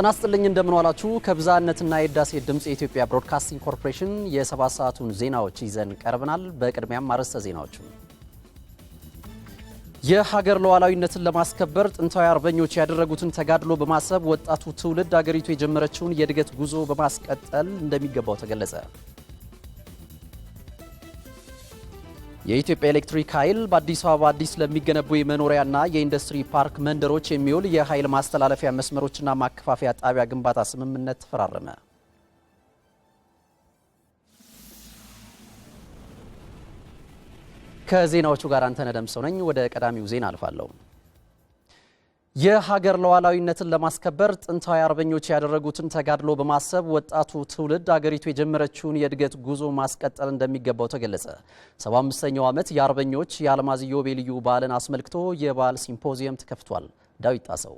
ጤና ይስጥልኝ እንደምን ዋላችሁ። ከብዝሃነትና የህዳሴ ድምፅ የኢትዮጵያ ብሮድካስቲንግ ኮርፖሬሽን የሰባት ሰዓቱን ዜናዎች ይዘን ቀርበናል። በቅድሚያም አርዕስተ ዜናዎቹ የሀገር ሉዓላዊነትን ለማስከበር ጥንታዊ አርበኞች ያደረጉትን ተጋድሎ በማሰብ ወጣቱ ትውልድ አገሪቱ የጀመረችውን የእድገት ጉዞ በማስቀጠል እንደሚገባው ተገለጸ። የኢትዮጵያ ኤሌክትሪክ ኃይል በአዲስ አበባ አዲስ ለሚገነቡ የመኖሪያና የኢንዱስትሪ ፓርክ መንደሮች የሚውል የኃይል ማስተላለፊያ መስመሮችና ማከፋፈያ ጣቢያ ግንባታ ስምምነት ተፈራረመ። ከዜናዎቹ ጋር አንተነህ ደምሰው ነኝ። ወደ ቀዳሚው ዜና አልፋለሁ። የሀገር ሉዓላዊነትን ለማስከበር ጥንታዊ አርበኞች ያደረጉትን ተጋድሎ በማሰብ ወጣቱ ትውልድ አገሪቱ የጀመረችውን የእድገት ጉዞ ማስቀጠል እንደሚገባው ተገለጸ። 75ኛው ዓመት የአርበኞች የአልማዝ ኢዮቤልዩ በዓልን አስመልክቶ የበዓል ሲምፖዚየም ተከፍቷል። ዳዊት ጣሰው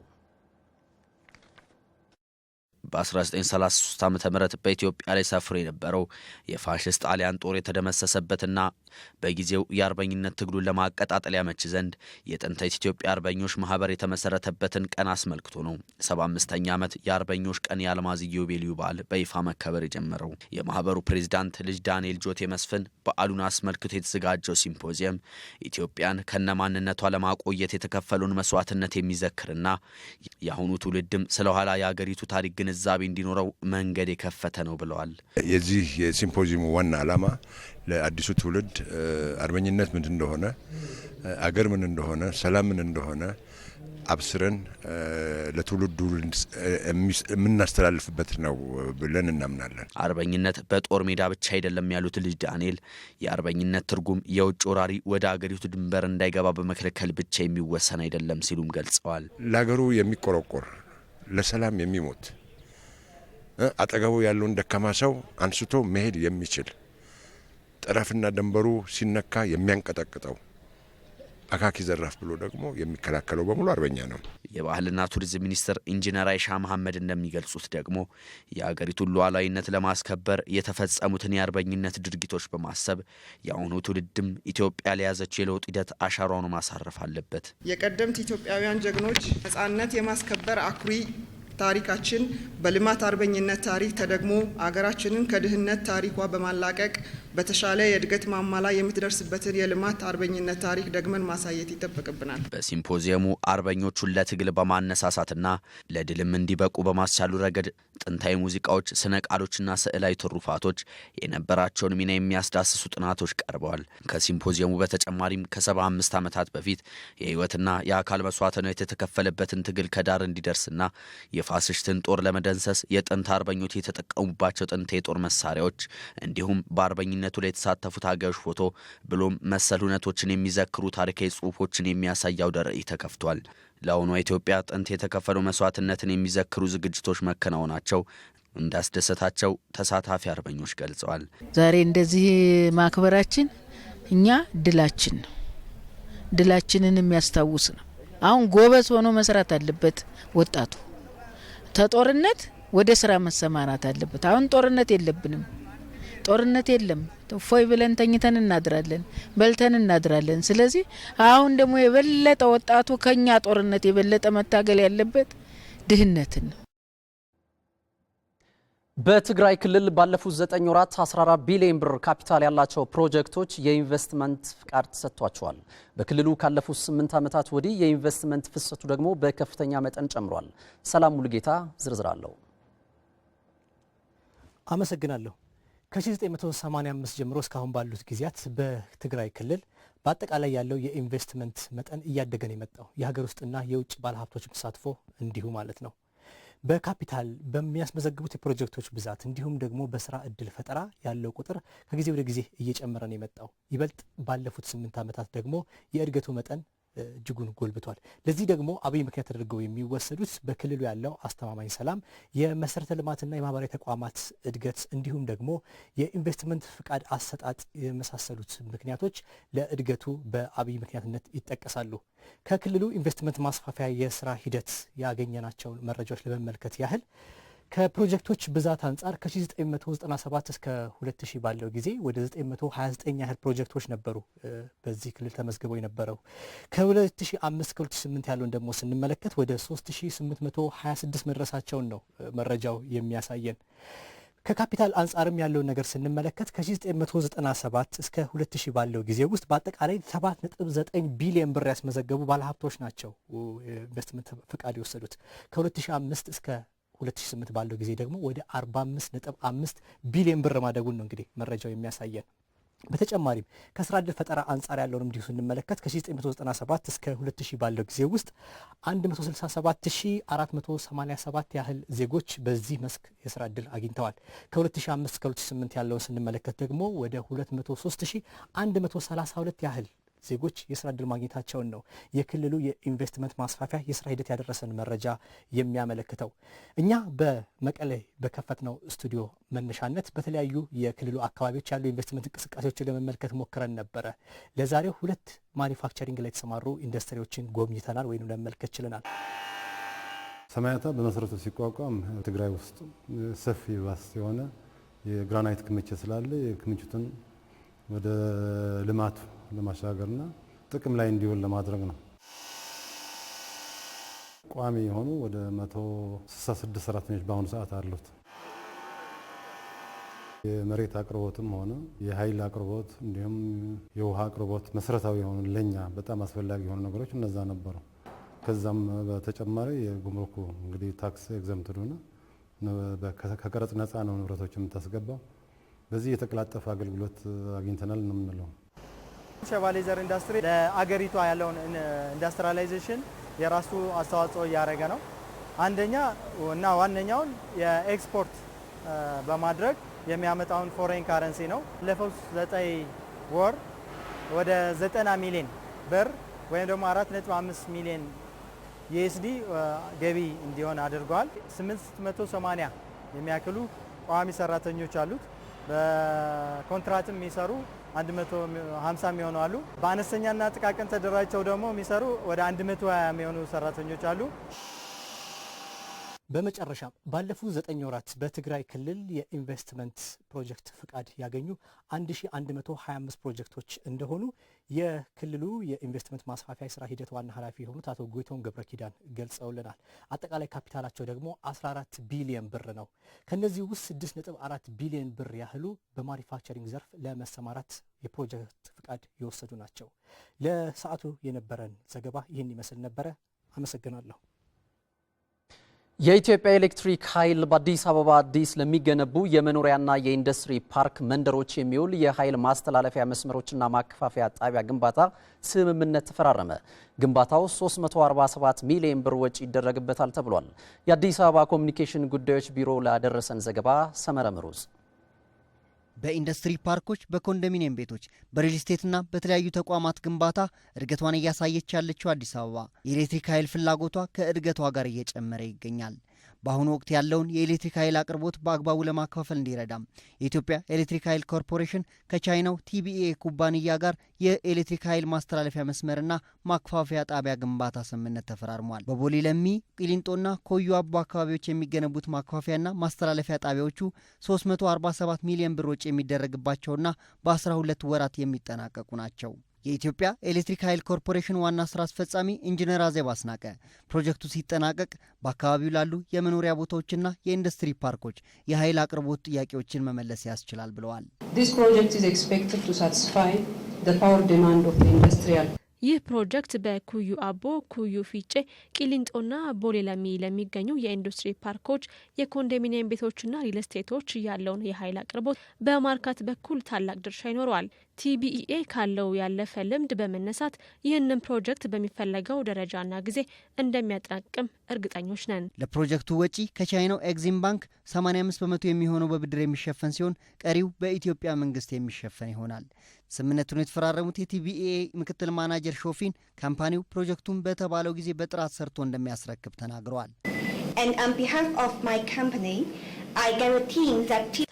በ1933 ዓ ም በኢትዮጵያ ላይ ሰፍሮ የነበረው የፋሽስት ጣሊያን ጦር የተደመሰሰበትና በጊዜው የአርበኝነት ትግሉን ለማቀጣጠል ያመች ዘንድ የጥንታዊት ኢትዮጵያ አርበኞች ማህበር የተመሰረተበትን ቀን አስመልክቶ ነው 75ኛ ዓመት የአርበኞች ቀን የአልማዝ ኢዮቤልዩ በዓል በይፋ መከበር የጀመረው። የማህበሩ ፕሬዚዳንት ልጅ ዳንኤል ጆቴ መስፍን በዓሉን አስመልክቶ የተዘጋጀው ሲምፖዚየም ኢትዮጵያን ከነማንነቷ ለማቆየት የተከፈለውን መስዋዕትነት የሚዘክርና የአሁኑ ትውልድም ስለኋላ የአገሪቱ ታሪክ ግንዛ ግንዛቤ እንዲኖረው መንገድ የከፈተ ነው ብለዋል። የዚህ የሲምፖዚየሙ ዋና ዓላማ ለአዲሱ ትውልድ አርበኝነት ምን እንደሆነ፣ አገር ምን እንደሆነ፣ ሰላም ምን እንደሆነ አብስረን ለትውልዱ የምናስተላልፍበት ነው ብለን እናምናለን። አርበኝነት በጦር ሜዳ ብቻ አይደለም ያሉት ልጅ ዳንኤል የአርበኝነት ትርጉም የውጭ ወራሪ ወደ አገሪቱ ድንበር እንዳይገባ በመከልከል ብቻ የሚወሰን አይደለም ሲሉም ገልጸዋል። ለሀገሩ የሚቆረቆር ለሰላም የሚሞት አጠገቡ ያለውን ደካማ ሰው አንስቶ መሄድ የሚችል ጠረፍና ደንበሩ ሲነካ የሚያንቀጠቅጠው አካኪ ዘራፍ ብሎ ደግሞ የሚከላከለው በሙሉ አርበኛ ነው። የባህልና ቱሪዝም ሚኒስትር ኢንጂነር አይሻ መሐመድ እንደሚገልጹት ደግሞ የአገሪቱን ሉዓላዊነት ለማስከበር የተፈጸሙትን የአርበኝነት ድርጊቶች በማሰብ የአሁኑ ትውልድም ኢትዮጵያ ለያዘች የለውጥ ሂደት አሻራውን ማሳረፍ አለበት። የቀደምት ኢትዮጵያውያን ጀግኖች ነጻነት የማስከበር አኩሪ ታሪካችን በልማት አርበኝነት ታሪክ ተደግሞ አገራችንን ከድህነት ታሪኳ በማላቀቅ በተሻለ የእድገት ማማ ላይ የምትደርስበትን የልማት አርበኝነት ታሪክ ደግመን ማሳየት ይጠበቅብናል። በሲምፖዚየሙ አርበኞቹን ለትግል በማነሳሳትና ለድልም እንዲበቁ በማስቻሉ ረገድ ጥንታዊ ሙዚቃዎች፣ ስነ ቃሎችና ስዕላዊ ትሩፋቶች የነበራቸውን ሚና የሚያስዳስሱ ጥናቶች ቀርበዋል። ከሲምፖዚየሙ በተጨማሪም ከሰባ አምስት ዓመታት በፊት የህይወትና የአካል መስዋዕትነት የተከፈለበትን ትግል ከዳር እንዲደርስና የፋሽስትን ጦር ለመደንሰስ የጥንት አርበኞች የተጠቀሙባቸው ጥንት የጦር መሳሪያዎች እንዲሁም በአርበኝነት በዕለቱ ላይ የተሳተፉት ታጋዮች ፎቶ ብሎም መሰል እውነቶችን የሚዘክሩ ታሪካዊ ጽሁፎችን የሚያሳይ አውደ ርዕይ ተከፍቷል። ለአሁኗ ኢትዮጵያ ጥንት የተከፈሉ መስዋዕትነትን የሚዘክሩ ዝግጅቶች መከናወናቸው እንዳስደሰታቸው ተሳታፊ አርበኞች ገልጸዋል። ዛሬ እንደዚህ ማክበራችን እኛ ድላችን ነው፣ ድላችንን የሚያስታውስ ነው። አሁን ጎበዝ ሆኖ መስራት አለበት ወጣቱ። ተጦርነት ወደ ስራ መሰማራት አለበት። አሁን ጦርነት የለብንም። ጦርነት የለም። ፎይ ብለን ተኝተን እናድራለን፣ በልተን እናድራለን። ስለዚህ አሁን ደግሞ የበለጠ ወጣቱ ከኛ ጦርነት የበለጠ መታገል ያለበት ድህነትን ነው። በትግራይ ክልል ባለፉት ዘጠኝ ወራት 14 ቢሊዮን ብር ካፒታል ያላቸው ፕሮጀክቶች የኢንቨስትመንት ፍቃድ ተሰጥቷቸዋል። በክልሉ ካለፉት 8 ዓመታት ወዲህ የኢንቨስትመንት ፍሰቱ ደግሞ በከፍተኛ መጠን ጨምሯል። ሰላም ሙሉጌታ ዝርዝር አለው። አመሰግናለሁ። ከ1985 ጀምሮ እስካሁን ባሉት ጊዜያት በትግራይ ክልል በአጠቃላይ ያለው የኢንቨስትመንት መጠን እያደገ ነው የመጣው። የሀገር ውስጥና የውጭ ባለሀብቶች ተሳትፎ እንዲሁ ማለት ነው። በካፒታል በሚያስመዘግቡት የፕሮጀክቶች ብዛት እንዲሁም ደግሞ በስራ እድል ፈጠራ ያለው ቁጥር ከጊዜ ወደ ጊዜ እየጨመረ ነው የመጣው። ይበልጥ ባለፉት ስምንት ዓመታት ደግሞ የእድገቱ መጠን እጅጉን ጎልብቷል። ለዚህ ደግሞ አብይ ምክንያት ተደርገው የሚወሰዱት በክልሉ ያለው አስተማማኝ ሰላም፣ የመሰረተ ልማትና የማህበራዊ ተቋማት እድገት እንዲሁም ደግሞ የኢንቨስትመንት ፍቃድ አሰጣጥ የመሳሰሉት ምክንያቶች ለእድገቱ በአብይ ምክንያትነት ይጠቀሳሉ። ከክልሉ ኢንቨስትመንት ማስፋፊያ የስራ ሂደት ያገኘናቸውን መረጃዎች ለመመልከት ያህል ከፕሮጀክቶች ብዛት አንጻር ከ1997 እስከ 2000 ባለው ጊዜ ወደ 929 ያህል ፕሮጀክቶች ነበሩ በዚህ ክልል ተመዝግበው የነበረው። ከ2005 እስከ 2008 ያለውን ደግሞ ስንመለከት ወደ 3826 መድረሳቸውን ነው መረጃው የሚያሳየን። ከካፒታል አንጻርም ያለውን ነገር ስንመለከት ከ1997 እስከ 2000 ባለው ጊዜ ውስጥ በአጠቃላይ 7.9 ቢሊዮን ብር ያስመዘገቡ ባለሀብቶች ናቸው ኢንቨስትመንት ፍቃድ የወሰዱት ከ2005 እስከ 2008 ባለው ጊዜ ደግሞ ወደ 45.5 ቢሊዮን ብር ማደጉን ነው እንግዲህ መረጃው የሚያሳየን። በተጨማሪም ከስራ እድል ፈጠራ አንጻር ያለውን እንዲሁ ስንመለከት ከ1997 እስከ 2000 ባለው ጊዜ ውስጥ 167487 ያህል ዜጎች በዚህ መስክ የስራ እድል አግኝተዋል። ከ2005 እስከ 2008 ያለውን ስንመለከት ደግሞ ወደ 203132 ያህል ዜጎች የስራ እድል ማግኘታቸውን ነው የክልሉ የኢንቨስትመንት ማስፋፊያ የስራ ሂደት ያደረሰን መረጃ የሚያመለክተው። እኛ በመቀሌ በከፈትነው ስቱዲዮ መነሻነት በተለያዩ የክልሉ አካባቢዎች ያሉ ኢንቨስትመንት እንቅስቃሴዎችን ለመመልከት ሞክረን ነበረ። ለዛሬው ሁለት ማኒፋክቸሪንግ ላይ የተሰማሩ ኢንዱስትሪዎችን ጎብኝተናል ወይም ለመመልከት ችለናል። ሰማያታ በመሰረቱ ሲቋቋም ትግራይ ውስጥ ሰፊ ባስ የሆነ የግራናይት ክምችት ስላለ የክምችቱን ወደ ልማቱ ለማሻገርና ጥቅም ላይ እንዲውል ለማድረግ ነው። ቋሚ የሆኑ ወደ 166 ሰራተኞች በአሁኑ ሰዓት አሉት። የመሬት አቅርቦትም ሆነ የኃይል አቅርቦት እንዲሁም የውሃ አቅርቦት መሰረታዊ የሆኑ ለኛ በጣም አስፈላጊ የሆኑ ነገሮች እነዛ ነበሩ። ከዛም በተጨማሪ የጉምሩኩ እንግዲህ ታክስ ኤግዘምትዱ ከቀረጽ ነፃ ነው ንብረቶች የምታስገባው። በዚህ የተቀላጠፈ አገልግሎት አግኝተናል ነው የምንለው። ሸቫሌ ዘር ኢንዱስትሪ ለአገሪቷ ያለውን ኢንዱስትሪላይዜሽን የራሱ አስተዋጽኦ እያደረገ ነው። አንደኛ እና ዋነኛውን የኤክስፖርት በማድረግ የሚያመጣውን ፎሬን ካረንሲ ነው። ባለፈው ዘጠኝ ወር ወደ 90 ሚሊዮን ብር ወይም ደግሞ 4.5 ሚሊዮን ዩኤስዲ ገቢ እንዲሆን አድርጓል። 880 የሚያክሉ ቋሚ ሰራተኞች አሉት። በኮንትራትም የሚሰሩ 150 የሚሆኑ አሉ። በአነስተኛና ጥቃቅን ተደራጅተው ደግሞ የሚሰሩ ወደ 120 የሚሆኑ ሰራተኞች አሉ። በመጨረሻ ባለፉት ዘጠኝ ወራት በትግራይ ክልል የኢንቨስትመንት ፕሮጀክት ፍቃድ ያገኙ 1125 ፕሮጀክቶች እንደሆኑ የክልሉ የኢንቨስትመንት ማስፋፊያ ስራ ሂደት ዋና ኃላፊ የሆኑት አቶ ጎይቶን ገብረ ኪዳን ገልጸውልናል። አጠቃላይ ካፒታላቸው ደግሞ 14 ቢሊዮን ብር ነው። ከነዚህ ውስጥ 6.4 ቢሊዮን ብር ያህሉ በማኒፋክቸሪንግ ዘርፍ ለመሰማራት የፕሮጀክት ፍቃድ የወሰዱ ናቸው። ለሰዓቱ የነበረን ዘገባ ይህን ይመስል ነበረ። አመሰግናለሁ። የኢትዮጵያ ኤሌክትሪክ ኃይል በአዲስ አበባ አዲስ ለሚገነቡ የመኖሪያና የኢንዱስትሪ ፓርክ መንደሮች የሚውል የኃይል ማስተላለፊያ መስመሮችና ማከፋፈያ ጣቢያ ግንባታ ስምምነት ተፈራረመ። ግንባታው 347 ሚሊዮን ብር ወጪ ይደረግበታል ተብሏል። የአዲስ አበባ ኮሚኒኬሽን ጉዳዮች ቢሮ ላደረሰን ዘገባ ሰመረ ምሩጽ በኢንዱስትሪ ፓርኮች፣ በኮንዶሚኒየም ቤቶች፣ በሪል ስቴትና በተለያዩ ተቋማት ግንባታ እድገቷን እያሳየች ያለችው አዲስ አበባ የኤሌክትሪክ ኃይል ፍላጎቷ ከእድገቷ ጋር እየጨመረ ይገኛል። በአሁኑ ወቅት ያለውን የኤሌክትሪክ ኃይል አቅርቦት በአግባቡ ለማከፋፈል እንዲረዳም የኢትዮጵያ ኤሌክትሪክ ኃይል ኮርፖሬሽን ከቻይናው ቲቢኤ ኩባንያ ጋር የኤሌክትሪክ ኃይል ማስተላለፊያ መስመርና ማከፋፈያ ጣቢያ ግንባታ ስምምነት ተፈራርሟል። በቦሌ ለሚ፣ ቂሊንጦና ኮዩ አቦ አካባቢዎች የሚገነቡት ማከፋፈያና ማስተላለፊያ ጣቢያዎቹ 347 ሚሊዮን ብር ወጪ የሚደረግባቸውና በ12 ወራት የሚጠናቀቁ ናቸው። የኢትዮጵያ ኤሌክትሪክ ኃይል ኮርፖሬሽን ዋና ስራ አስፈጻሚ ኢንጂነር አዜብ አስናቀ ፕሮጀክቱ ሲጠናቀቅ በአካባቢው ላሉ የመኖሪያ ቦታዎችና የኢንዱስትሪ ፓርኮች የኃይል አቅርቦት ጥያቄዎችን መመለስ ያስችላል ብለዋል። ይህ ፕሮጀክት በኩዩ አቦ፣ ኩዩ ፊጬ፣ ቂሊንጦና ቦሌ ለሚ ለሚገኙ የኢንዱስትሪ ፓርኮች፣ የኮንዶሚኒየም ቤቶችና ሪል ስቴቶች ያለውን የኃይል አቅርቦት በማርካት በኩል ታላቅ ድርሻ ይኖረዋል። ቲቢኢኤ ካለው ያለፈ ልምድ በመነሳት ይህንን ፕሮጀክት በሚፈለገው ደረጃና ጊዜ እንደሚያጠናቅም እርግጠኞች ነን። ለፕሮጀክቱ ወጪ ከቻይናው ኤግዚም ባንክ 85 በመቶ የሚሆነው በብድር የሚሸፈን ሲሆን ቀሪው በኢትዮጵያ መንግስት የሚሸፈን ይሆናል። ስምምነቱን የተፈራረሙት የቲቢኢኤ ምክትል ማናጀር ሾፊን ካምፓኒው ፕሮጀክቱን በተባለው ጊዜ በጥራት ሰርቶ እንደሚያስረክብ ተናግረዋል።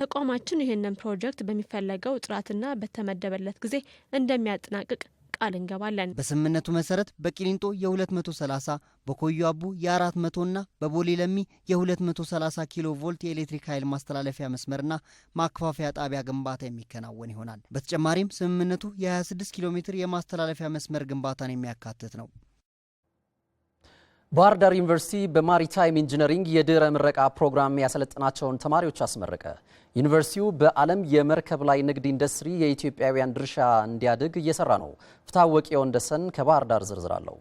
ተቋማችን ይህንን ፕሮጀክት በሚፈለገው ጥራትና በተመደበለት ጊዜ እንደሚያጠናቅቅ ቃል እንገባለን። በስምምነቱ መሰረት በቂሊንጦ የ230 በኮዩ አቡ የ400 እና በቦሌ ለሚ የ230 ኪሎ ቮልት የኤሌክትሪክ ኃይል ማስተላለፊያ መስመርና ማከፋፈያ ጣቢያ ግንባታ የሚከናወን ይሆናል። በተጨማሪም ስምምነቱ የ26 ኪሎ ሜትር የማስተላለፊያ መስመር ግንባታን የሚያካትት ነው። ባህር ዳር ዩኒቨርሲቲ በማሪታይም ኢንጂነሪንግ የድህረ ምረቃ ፕሮግራም ያሰለጠናቸውን ተማሪዎች አስመረቀ። ዩኒቨርሲቲው በዓለም የመርከብ ላይ ንግድ ኢንዱስትሪ የኢትዮጵያውያን ድርሻ እንዲያድግ እየሰራ ነው። ፍታወቂ ወንደሰን ከባህር ዳር ዝርዝር አለው።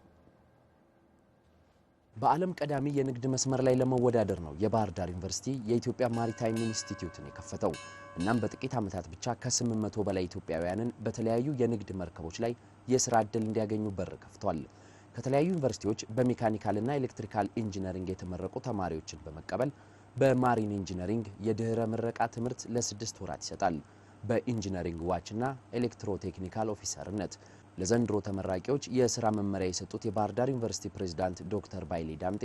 በዓለም ቀዳሚ የንግድ መስመር ላይ ለመወዳደር ነው የባህር ዳር ዩኒቨርሲቲ የኢትዮጵያ ማሪታይም ኢንስቲትዩትን የከፈተው። እናም በጥቂት ዓመታት ብቻ ከ800 በላይ ኢትዮጵያውያንን በተለያዩ የንግድ መርከቦች ላይ የስራ ዕድል እንዲያገኙ በር ከፍቷል። ከተለያዩ ዩኒቨርሲቲዎች በሜካኒካልና ኤሌክትሪካል ኢንጂነሪንግ የተመረቁ ተማሪዎችን በመቀበል በማሪን ኢንጂነሪንግ የድህረ ምረቃ ትምህርት ለስድስት ወራት ይሰጣል። በኢንጂነሪንግ ዋችና ኤሌክትሮቴክኒካል ኦፊሰርነት ለዘንድሮ ተመራቂዎች የስራ መመሪያ የሰጡት የባህር ዳር ዩኒቨርሲቲ ፕሬዝዳንት ዶክተር ባይሌ ዳምጤ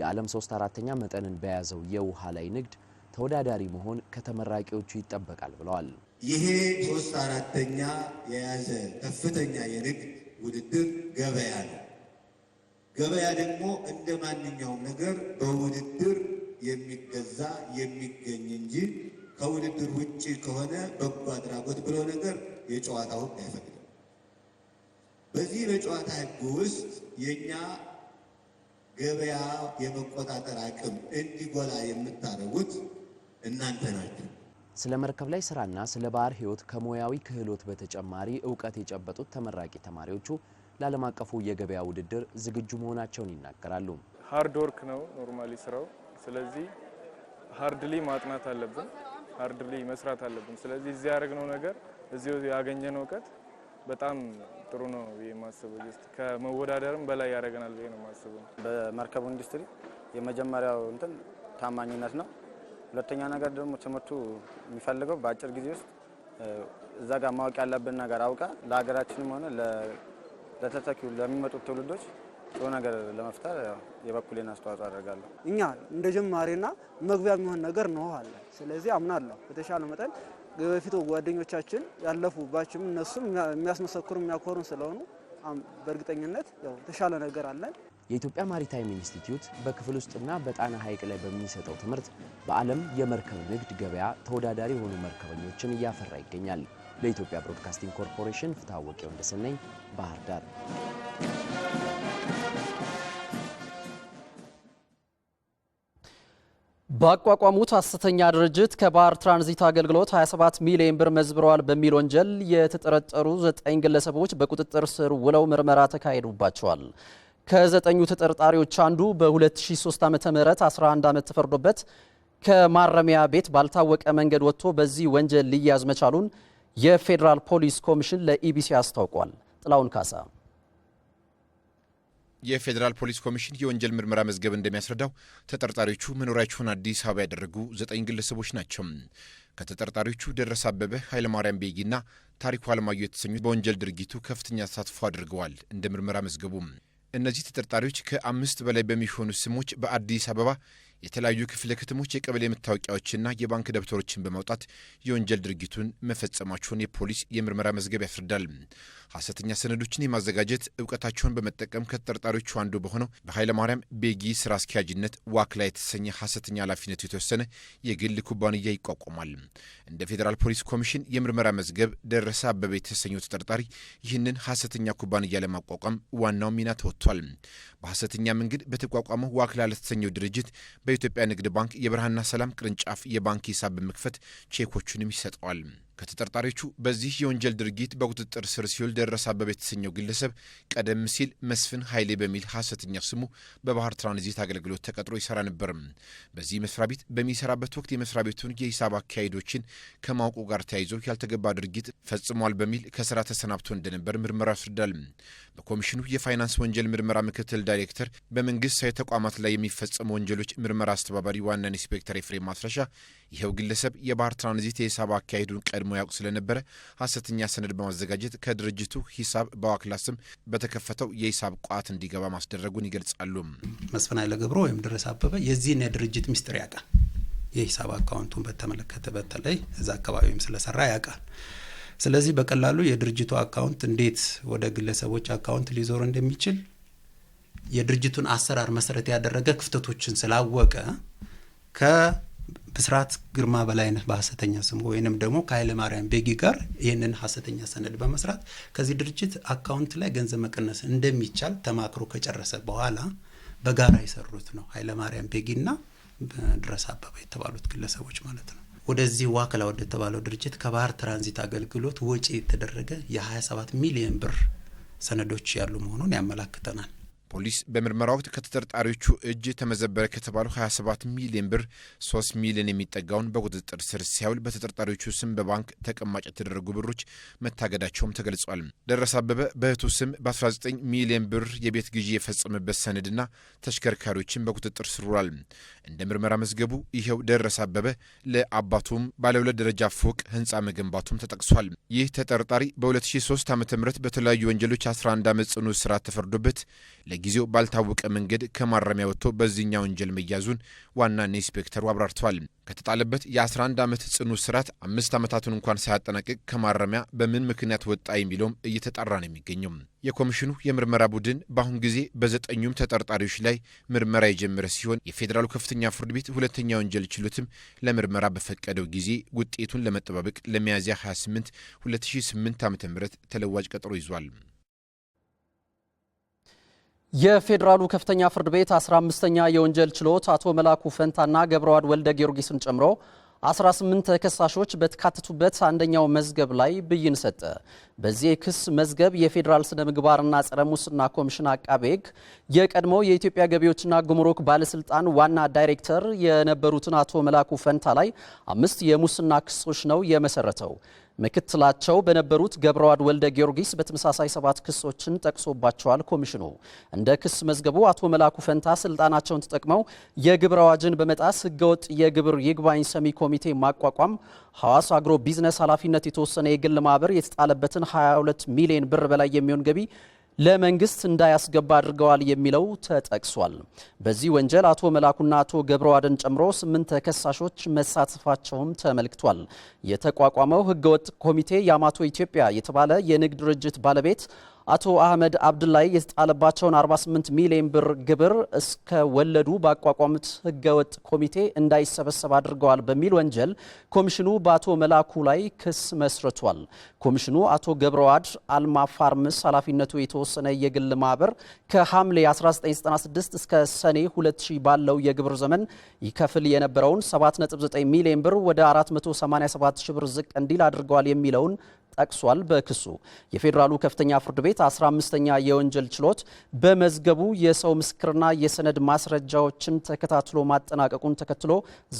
የዓለም ሶስት አራተኛ መጠንን በያዘው የውሃ ላይ ንግድ ተወዳዳሪ መሆን ከተመራቂዎቹ ይጠበቃል ብለዋል። ይሄ ሶስት አራተኛ የያዘ ከፍተኛ የንግድ ውድድር ገበያ ነው። ገበያ ደግሞ እንደ ማንኛውም ነገር በውድድር የሚገዛ የሚገኝ እንጂ ከውድድር ውጭ ከሆነ በጎ አድራጎት ብሎ ነገር የጨዋታ ሕግ አይፈቅድም። በዚህ በጨዋታ ሕግ ውስጥ የእኛ ገበያ የመቆጣጠር አቅም እንዲጎላ የምታደርጉት እናንተ ናችሁ። ስለ መርከብ ላይ ስራና ስለ ባህር ህይወት ከሙያዊ ክህሎት በተጨማሪ እውቀት የጨበጡት ተመራቂ ተማሪዎቹ ለዓለም አቀፉ የገበያ ውድድር ዝግጁ መሆናቸውን ይናገራሉ። ሀርድ ወርክ ነው ኖርማሊ ስራው። ስለዚህ ሀርድሊ ማጥናት አለብን፣ ሀርድሊ መስራት አለብን። ስለዚህ እዚህ ያደረግነው ነገር እዚሁ ያገኘነው እውቀት በጣም ጥሩ ነው ብዬ የማስበው ከመወዳደርም በላይ ያደረገናል ብዬ ነው የማስበው። በመርከቡ ኢንዱስትሪ የመጀመሪያው እንትን ታማኝነት ነው። ሁለተኛ ነገር ደግሞ ትምህርቱ የሚፈልገው በአጭር ጊዜ ውስጥ እዛ ጋር ማወቅ ያለብን ነገር አውቃ ለሀገራችንም ሆነ ለተተኪው ለሚመጡት ትውልዶች ጥሩ ነገር ለመፍጠር የበኩሌን አስተዋጽኦ አደርጋለሁ። እኛ እንደ ጀማሪና መግቢያ የሚሆን ነገር ነው አለ። ስለዚህ አምናለሁ በተሻለ መጠን በፊት ጓደኞቻችን ያለፉባችም እነሱም የሚያስመሰክሩ የሚያኮሩን ስለሆኑ በእርግጠኝነት ያው የተሻለ ነገር አለን። የኢትዮጵያ ማሪታይም ኢንስቲትዩት በክፍል ውስጥና በጣና ሐይቅ ላይ በሚሰጠው ትምህርት በዓለም የመርከብ ንግድ ገበያ ተወዳዳሪ የሆኑ መርከበኞችን እያፈራ ይገኛል። ለኢትዮጵያ ብሮድካስቲንግ ኮርፖሬሽን ፍትሐወቂው እንደሰነኝ ባህር ዳር ባቋቋሙት ሐሰተኛ ድርጅት ከባህር ትራንዚት አገልግሎት 27 ሚሊዮን ብር መዝብረዋል በሚል ወንጀል የተጠረጠሩ ዘጠኝ ግለሰቦች በቁጥጥር ስር ውለው ምርመራ ተካሂዱባቸዋል። ከዘጠኙ ተጠርጣሪዎች አንዱ በ2003 ዓ.ም 11 ዓመት ተፈርዶበት ከማረሚያ ቤት ባልታወቀ መንገድ ወጥቶ በዚህ ወንጀል ሊያዝ መቻሉን የፌዴራል ፖሊስ ኮሚሽን ለኢቢሲ አስታውቋል። ጥላውን ካሳ የፌዴራል ፖሊስ ኮሚሽን የወንጀል ምርመራ መዝገብ እንደሚያስረዳው ተጠርጣሪዎቹ መኖሪያቸውን አዲስ አበባ ያደረጉ ዘጠኝ ግለሰቦች ናቸው። ከተጠርጣሪዎቹ ደረሰ አበበ፣ ኃይለማርያም ቤጊና ታሪኩ አለማዩ የተሰኙት በወንጀል ድርጊቱ ከፍተኛ ተሳትፎ አድርገዋል። እንደ ምርመራ መዝገቡ እነዚህ ተጠርጣሪዎች ከአምስት በላይ በሚሆኑ ስሞች በአዲስ አበባ የተለያዩ ክፍለ ከተሞች የቀበሌ መታወቂያዎችና የባንክ ደብተሮችን በማውጣት የወንጀል ድርጊቱን መፈጸማቸውን የፖሊስ የምርመራ መዝገብ ያስረዳል። ሐሰተኛ ሰነዶችን የማዘጋጀት እውቀታቸውን በመጠቀም ከተጠርጣሪዎቹ አንዱ በሆነው በኃይለማርያም ቤጊ ስራ አስኪያጅነት ዋክላ የተሰኘ ሐሰተኛ ኃላፊነቱ የተወሰነ የግል ኩባንያ ይቋቋማል። እንደ ፌዴራል ፖሊስ ኮሚሽን የምርመራ መዝገብ ደረሰ አበበ የተሰኘው ተጠርጣሪ ይህንን ሐሰተኛ ኩባንያ ለማቋቋም ዋናው ሚና ተወጥቷል። በሐሰተኛ መንገድ በተቋቋመው ዋክላ ለተሰኘው ድርጅት በ በኢትዮጵያ ንግድ ባንክ የብርሃንና ሰላም ቅርንጫፍ የባንክ ሂሳብ በመክፈት ቼኮቹንም ይሰጠዋል። ከተጠርጣሪዎቹ በዚህ የወንጀል ድርጊት በቁጥጥር ስር ሲውል ደረሰ አበበ የተሰኘው ግለሰብ ቀደም ሲል መስፍን ኃይሌ በሚል ሐሰተኛ ስሙ በባህር ትራንዚት አገልግሎት ተቀጥሮ ይሰራ ነበርም። በዚህ መስሪያ ቤት በሚሰራበት ወቅት የመስሪያ ቤቱን የሂሳብ አካሄዶችን ከማውቁ ጋር ተያይዞ ያልተገባ ድርጊት ፈጽሟል በሚል ከስራ ተሰናብቶ እንደነበር ምርመራ ያስረዳል። በኮሚሽኑ የፋይናንስ ወንጀል ምርመራ ምክትል ዳይሬክተር፣ በመንግስታዊ ተቋማት ላይ የሚፈጸሙ ወንጀሎች ምርመራ አስተባባሪ ዋና ኢንስፔክተር ኤፍሬም ማስረሻ ይኸው ግለሰብ የባህር ትራንዚት የሂሳብ አካሄዱን ቀድ ቀድሞ ያውቅ ስለነበረ ሐሰተኛ ሰነድ በማዘጋጀት ከድርጅቱ ሂሳብ በዋክላ ስም በተከፈተው የሂሳብ ቋት እንዲገባ ማስደረጉን ይገልጻሉ። መስፍን ኃይለ ገብሮ ወይም ድረስ አበበ የዚህን የድርጅት ሚስጥር ያውቃል። የሂሳብ አካውንቱን በተመለከተ በተለይ እዛ አካባቢም ስለሰራ ያውቃል። ስለዚህ በቀላሉ የድርጅቱ አካውንት እንዴት ወደ ግለሰቦች አካውንት ሊዞር እንደሚችል የድርጅቱን አሰራር መሰረት ያደረገ ክፍተቶችን ስላወቀ ከ ብስራት ግርማ በላይነት በሀሰተኛ ስሙ ወይንም ደግሞ ከኃይለ ማርያም ቤጊ ጋር ይህንን ሀሰተኛ ሰነድ በመስራት ከዚህ ድርጅት አካውንት ላይ ገንዘብ መቀነስ እንደሚቻል ተማክሮ ከጨረሰ በኋላ በጋራ የሰሩት ነው። ኃይለ ማርያም ቤጊና ድረስ አበበ የተባሉት ግለሰቦች ማለት ነው። ወደዚህ ዋክላ ወደተባለው ድርጅት ከባህር ትራንዚት አገልግሎት ወጪ የተደረገ የ27 ሚሊዮን ብር ሰነዶች ያሉ መሆኑን ያመላክተናል። ፖሊስ በምርመራ ወቅት ከተጠርጣሪዎቹ እጅ ተመዘበረ ከተባሉ 27 ሚሊዮን ብር 3 ሚሊዮን የሚጠጋውን በቁጥጥር ስር ሲያውል በተጠርጣሪዎቹ ስም በባንክ ተቀማጭ የተደረጉ ብሮች መታገዳቸውም ተገልጿል። ደረሰ አበበ በእህቱ ስም በ19 ሚሊዮን ብር የቤት ግዢ የፈጸመበት ሰነድና ተሽከርካሪዎችን በቁጥጥር ስር ውሏል። እንደ ምርመራ መዝገቡ ይኸው ደረሰ አበበ ለአባቱም ባለሁለት ደረጃ ፎቅ ህንፃ መገንባቱም ተጠቅሷል። ይህ ተጠርጣሪ በ2003 ዓ ም በተለያዩ ወንጀሎች 11 ዓመት ጽኑ እስራት ተፈርዶበት ለጊዜው ባልታወቀ መንገድ ከማረሚያ ወጥቶ በዚህኛ ወንጀል መያዙን ዋና ኢንስፔክተሩ አብራርተዋል። ከተጣለበት የ11 ዓመት ጽኑ እስራት አምስት ዓመታቱን እንኳን ሳያጠናቅቅ ከማረሚያ በምን ምክንያት ወጣ የሚለውም እየተጣራ ነው የሚገኘው። የኮሚሽኑ የምርመራ ቡድን በአሁን ጊዜ በዘጠኙም ተጠርጣሪዎች ላይ ምርመራ የጀመረ ሲሆን የፌዴራሉ ከፍተኛ ፍርድ ቤት ሁለተኛ ወንጀል ችሎትም ለምርመራ በፈቀደው ጊዜ ውጤቱን ለመጠባበቅ ለሚያዝያ 28 2008 ዓ ም ተለዋጭ ቀጠሮ ይዟል። የፌዴራሉ ከፍተኛ ፍርድ ቤት 15ኛ የወንጀል ችሎት አቶ መላኩ ፈንታና ገብረዋድ ወልደ ጊዮርጊስን ጨምሮ 18 ተከሳሾች በተካተቱበት አንደኛው መዝገብ ላይ ብይን ሰጠ። በዚህ የክስ መዝገብ የፌዴራል ስነ ምግባርና ጸረ ሙስና ኮሚሽን አቃቤ ሕግ የቀድሞ የኢትዮጵያ ገቢዎችና ጉምሩክ ባለስልጣን ዋና ዳይሬክተር የነበሩትን አቶ መላኩ ፈንታ ላይ አምስት የሙስና ክሶች ነው የመሰረተው። ምክትላቸው በነበሩት ገብረዋድ ወልደ ጊዮርጊስ በተመሳሳይ ሰባት ክሶችን ጠቅሶባቸዋል። ኮሚሽኑ እንደ ክስ መዝገቡ አቶ መላኩ ፈንታ ስልጣናቸውን ተጠቅመው የግብር አዋጅን በመጣስ ህገወጥ የግብር ይግባኝ ሰሚ ኮሚቴ ማቋቋም፣ ሐዋሳ አግሮ ቢዝነስ ኃላፊነት የተወሰነ የግል ማህበር የተጣለበትን 22 ሚሊዮን ብር በላይ የሚሆን ገቢ ለመንግስት እንዳያስገባ አድርገዋል የሚለው ተጠቅሷል። በዚህ ወንጀል አቶ መላኩና አቶ ገብረዋደን ጨምሮ ስምንት ተከሳሾች መሳተፋቸውም ተመልክቷል። የተቋቋመው ህገወጥ ኮሚቴ የአማቶ ኢትዮጵያ የተባለ የንግድ ድርጅት ባለቤት አቶ አህመድ አብዱላይ የተጣለባቸውን 48 ሚሊዮን ብር ግብር እስከ ወለዱ ባቋቋሙት ህገወጥ ኮሚቴ እንዳይሰበሰብ አድርገዋል በሚል ወንጀል ኮሚሽኑ በአቶ መላኩ ላይ ክስ መስርቷል። ኮሚሽኑ አቶ ገብረዋድ አልማ ፋርምስ ኃላፊነቱ የተወሰነ የግል ማህበር ከሐምሌ 1996 እስከ ሰኔ 2000 ባለው የግብር ዘመን ይከፍል የነበረውን 7.9 ሚሊዮን ብር ወደ 487 ሺህ ብር ዝቅ እንዲል አድርገዋል የሚለውን ጠቅሷል። በክሱ የፌዴራሉ ከፍተኛ ፍርድ ቤት 15ኛ የወንጀል ችሎት በመዝገቡ የሰው ምስክርና የሰነድ ማስረጃዎችን ተከታትሎ ማጠናቀቁን ተከትሎ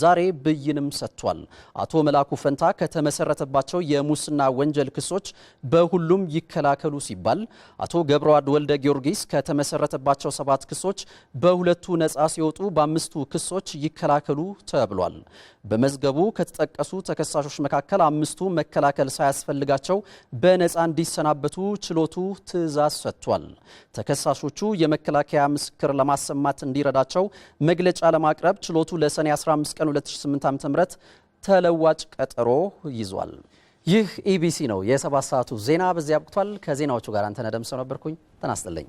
ዛሬ ብይንም ሰጥቷል። አቶ መላኩ ፈንታ ከተመሰረተባቸው የሙስና ወንጀል ክሶች በሁሉም ይከላከሉ ሲባል አቶ ገብረዋድ ወልደ ጊዮርጊስ ከተመሰረተባቸው ሰባት ክሶች በሁለቱ ነፃ ሲወጡ በአምስቱ ክሶች ይከላከሉ ተብሏል። በመዝገቡ ከተጠቀሱ ተከሳሾች መካከል አምስቱ መከላከል ሳያስፈልጋቸው ከስራቸው በነፃ እንዲሰናበቱ ችሎቱ ትዕዛዝ ሰጥቷል። ተከሳሾቹ የመከላከያ ምስክር ለማሰማት እንዲረዳቸው መግለጫ ለማቅረብ ችሎቱ ለሰኔ 15 ቀን 2008 ዓ.ም ተለዋጭ ቀጠሮ ይዟል። ይህ ኢቢሲ ነው። የሰባት ሰዓቱ ዜና በዚህ አብቅቷል። ከዜናዎቹ ጋር አንተነህ ደምሰው ነበርኩኝ። ተናስጥልኝ